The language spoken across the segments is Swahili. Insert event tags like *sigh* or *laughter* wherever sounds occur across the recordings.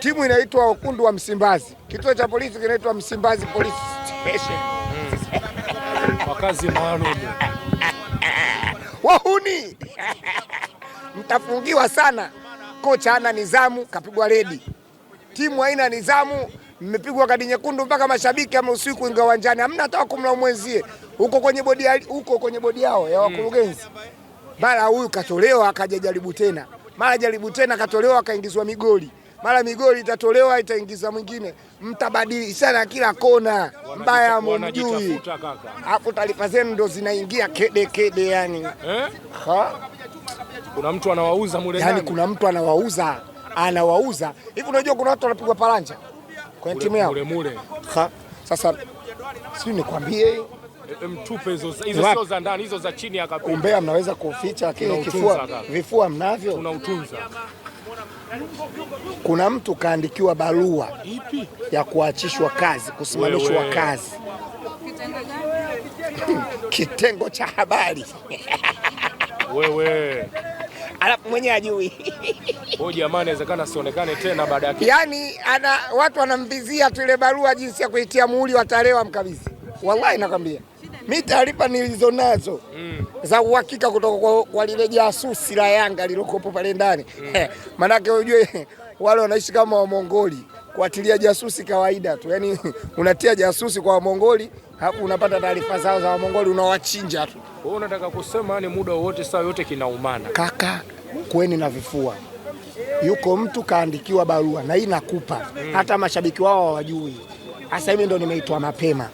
timu inaitwa Wekundu wa Msimbazi, kituo cha polisi kinaitwa Msimbazi Police Station. Wakazi maalum wahuni mtafungiwa sana. Kocha ana nizamu, kapigwa redi. Timu haina nizamu, mmepigwa kadi nyekundu, mpaka mashabiki ameruhusiwi kuingia uwanjani. Hamna hata kumlaumu mwenzie huko kwenye bodi, huko kwenye bodi yao ya hmm. wakurugenzi. Mara huyu katolewa, akaja jaribu tena, mara jaribu tena, katolewa, akaingizwa migoli mara migoli itatolewa itaingiza mwingine, mtabadilishana kila kona, mbaya mumjui, alafu taarifa zenu ndo zinaingia kede kede, yani eh? kuna mtu anawauza mule yani, kuna mtu anawauza anawauza hivi. Unajua kuna watu wanapigwa paranja kwenye timu yao sasa, si nikwambie eh, eh, mtupe hizo sio za ndani, hizo za chini. akapumbea. mnaweza kuficha, lakini kifua, vifua mnavyo, tunautunza kuna mtu kaandikiwa barua ya kuachishwa kazi, kusimamishwa kazi, *laughs* kitengo cha habari *laughs* wewe, alafu mwenye ajui jamaa, inawezekana asionekane tena baada ya yani, ana watu wanamvizia tu ile barua, jinsi ya kuitia muhuri, watarewa mkabizi. Wallahi nakwambia mi taarifa nazo mm. za uhakika kutoka kwa, kwa lile jasusi la Yanga lilokopo pale ndani mm. maanake ujue wale wanaishi kama Wamongoli, kuatilia jasusi kawaida tu, yaani unatia jasusi kwa Wamongoli hapo unapata taarifa zao za Wamongoli, unawachinja tu. Wewe unataka kusema ni muda wowote saa yote kinaumana, kaka kweni na vifua yuko mtu kaandikiwa barua na hii nakupa mm. hata mashabiki wao hawajui. Hasa hivi ndo nimeitwa mapema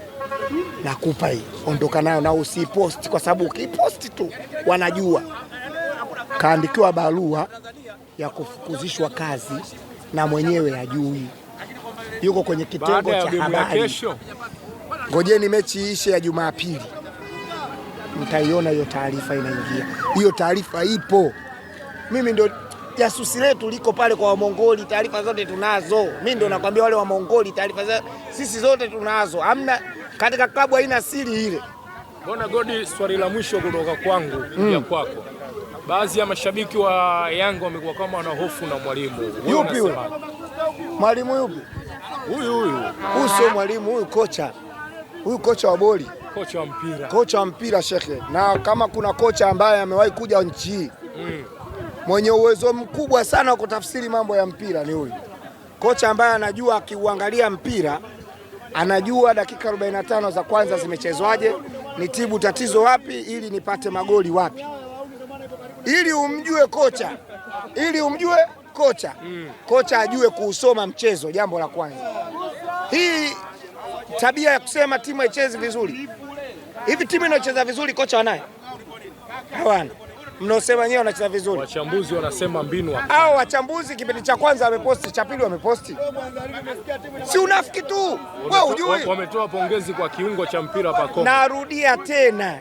nakupa hii, ondoka nayo na usiposti, kwa sababu ukiposti tu wanajua kaandikiwa barua ya kufukuzishwa kazi na mwenyewe ajui, yuko kwenye kitengo cha habari. Ngojeni mechi ishe ya Jumapili, mtaiona hiyo taarifa inaingia. Hiyo taarifa ipo, mimi ndo jasusi letu liko pale kwa Wamongoli, taarifa zote tunazo. Mimi ndo nakwambia wale Wamongoli, taarifa sisi zote tunazo, hamna katika klabu haina siri ile. Mbona Godi, swali la mwisho kutoka kwangu mm. ya kwako, baadhi ya mashabiki wa Yanga wamekuwa kama wana hofu na mwalimu. Yupi huyo mwalimu? Yupi huyu? Huyu huyu sio mwalimu, huyu kocha, huyu kocha wa boli, kocha wa mpira, kocha wa mpira shekhe. Na kama kuna kocha ambaye amewahi kuja nchi hii mm. mwenye uwezo mkubwa sana wa kutafsiri mambo ya mpira ni huyu kocha ambaye anajua akiuangalia mpira anajua dakika 45 za kwanza zimechezwaje, nitibu tatizo wapi, ili nipate magoli wapi, ili umjue kocha, ili umjue kocha mm. Kocha ajue kuusoma mchezo, jambo la kwanza. Hii tabia ya kusema timu haichezi vizuri, hivi timu inayocheza vizuri kocha wanaye? Hawana mnaosema nyewe wanacheza vizuri. Wachambuzi wanasema mbinu au wachambuzi, kipindi cha kwanza wameposti, cha pili wameposti, si unafiki tu wewe, hujui. Wametoa pongezi kwa kiungo cha mpira hapa Narudia tena,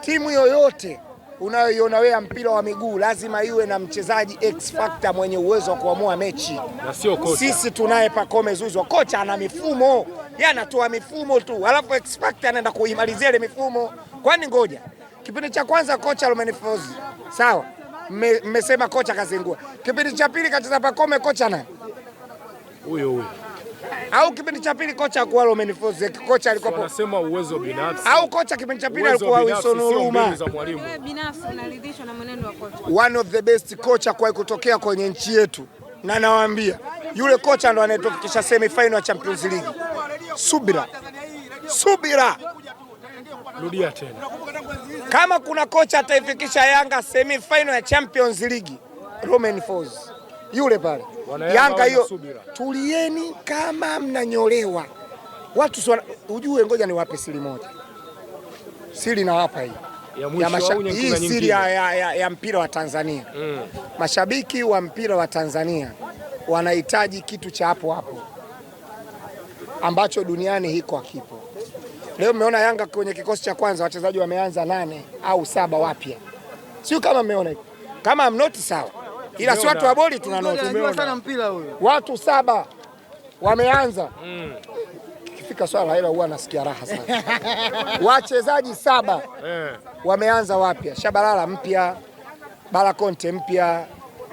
timu yoyote unayoiona wewe mpira wa miguu lazima iwe na mchezaji X factor mwenye uwezo wa kuamua mechi na sio kocha. Sisi tunaye Pacome Zouzoua, kocha ana mifumo, yeye anatoa mifumo tu, alafu X factor anaenda kuimalizia ile mifumo. Kwani ngoja Kipindi cha kwanza kocha lumenifozi sawa, mmesema me, kocha kazingua. Kipindi cha pili kacheza Pakome, kocha na huyo huyo au kipindi cha pili kocha kwa Romain kocha alikuwa hapo. Anasema uwezo binafsi. Au kocha kipindi cha pili alikuwa Wilson Oruma. Wewe eh, binafsi unaridhishwa na mwenendo wa kocha? One of the best kocha kwa kutokea kwenye nchi yetu, na nawaambia yule kocha ndo anayetufikisha semi final ya Champions League. Subira, subira, rudia tena kama kuna kocha ataifikisha Yanga semi final ya Champions League, Romain Folz yule pale Yanga hiyo, tulieni kama mnanyolewa watu swana, ujue, ngoja niwape siri moja, siri na hapa hii ya ya masha, hii siri ya, ya, ya, ya mpira wa Tanzania mm. Mashabiki wa mpira wa Tanzania wanahitaji kitu cha hapo hapo ambacho duniani hiko hakipo. Leo mmeona Yanga kwenye kikosi cha kwanza wachezaji wameanza nane au saba wapya, sio kama mmeona hivi, Kama mnoti sawa, ila si watu wa boli tuna noti. Watu saba wameanza mm. Kifika swala hilo huwa nasikia raha sana wachezaji saba eh. wameanza wapya, Shabalala mpya, Balakonte mpya,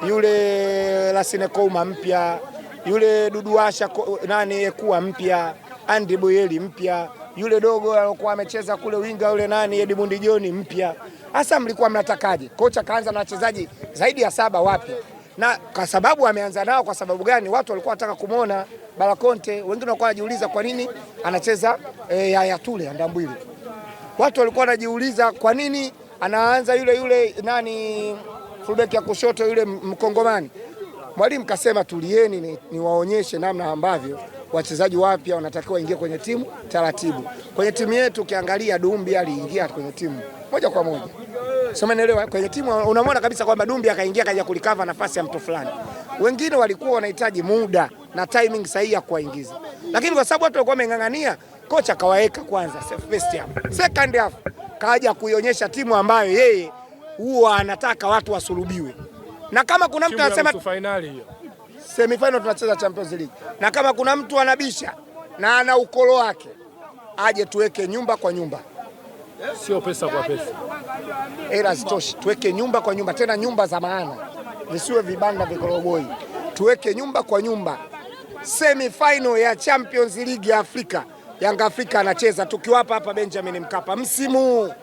yule Lasine Kouma mpya, yule Duduasha nani Ekua mpya, Andy Boyeli mpya yule dogo alikuwa amecheza kule winga yule nani Edmund John mpya. Hasa mlikuwa mnatakaje? Kocha kaanza na wachezaji zaidi ya saba wapya, na kwa sababu ameanza nao, kwa sababu gani? Watu walikuwa wanataka kumwona Balakonte, wengine walikuwa wanajiuliza kwa nini anacheza e, eh, Yaya Toure ya Ndambwile. Watu walikuwa wanajiuliza kwa nini anaanza yule yule nani fullback ya kushoto yule Mkongomani. Mwalimu kasema tulieni, niwaonyeshe ni namna ambavyo wachezaji wapya wanatakiwa waingie kwenye timu taratibu. Kwenye timu yetu ukiangalia Dumbi aliingia kwenye timu moja kwa moja, sio umeelewa? Kwenye timu unamwona kabisa kwamba Dumbi akaingia kaja kulikava nafasi ya mtu fulani. Wengine walikuwa wanahitaji muda na timing sahihi ya kuwaingiza, lakini kwa sababu watu walikuwa wameng'ang'ania, kocha kawaweka kwanza first half, second half kaja kuionyesha timu ambayo yeye huwa anataka watu wasulubiwe, na kama kuna mtu anasema finali hiyo semifinal tunacheza Champions League, na kama kuna mtu anabisha na ana ukolo wake aje, tuweke nyumba kwa nyumba, sio pesa kwa pesa. Hela zitoshi. tuweke nyumba kwa nyumba, tena nyumba za maana, visiwe vibanda vikoroboi. Tuweke nyumba kwa nyumba. Semifinal ya Champions League ya Afrika, Yanga Afrika anacheza tukiwapa hapa Benjamin Mkapa msimu.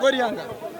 Goli Yanga.